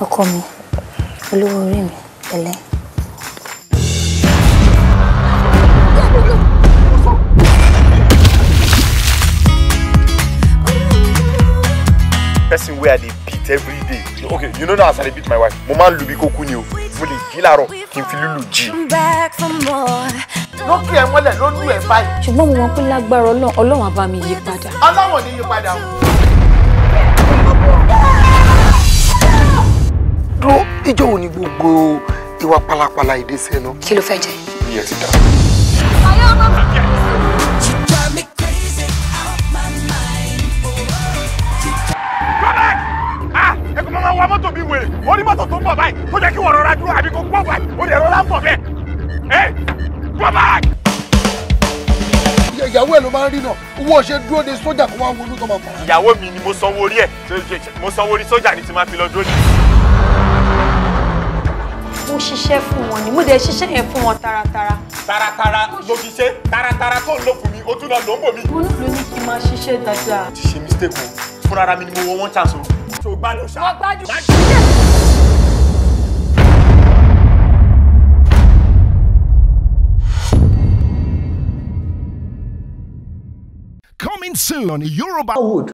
ọkọ mi olówó orí mi pẹ̀lẹ́. person wey i dey beat every day okay you know now as i dey beat my wife mo máa ń lu bí ni o mo lè jí láàárọ̀ kí n fi lùlù jí. lókè ẹ mọ́lẹ̀ ló lù ẹ báyìí. ṣùgbọ́n mo mọ̀ pé lágbára ọlọ́run á bá mi yí padà. ọlọ́run ò yí padà o. ìjọ wo ni gbogbo ìwà pálapàla èdè sẹ́nu. kí ló fẹ́ jẹ. iye ti dà. ayé ọmọ. ẹkún máa wa mọ́tò mi wèrè wọ́n ní mọ́tò tó ń bọ̀ báyìí tó jẹ́ kí wọ́n rọra dúró àbí kó pọ̀ báyìí ó dẹ̀ rọra ń bọ̀ bẹ́ẹ̀ ẹ pọ̀ báyìí. ìyàwó ẹ ló máa ń rí náà owó ọṣẹ dúró de sójà kó wá wọnú tó máa fara. ìyàwó mi ni mo sanwó orí ẹ mo sanwó orí sójà ni ti máa fi lọ dúró ní mo ṣiṣẹ́ fún wọn ni mo dẹ̀ ṣiṣẹ́ yẹn fún wọn taratara. taratara ló fi ṣe taratara tó ń lò fún mi ojú náà ló ń bò mí. mo nílò ní kí n máa ṣiṣẹ́ dáadáa. ti ṣe mistake o fúnra ara mi ni mo wọ wọn chance o. tó gbá ló ṣá. wọ́n gbájú. Coming soon on Yorubawood.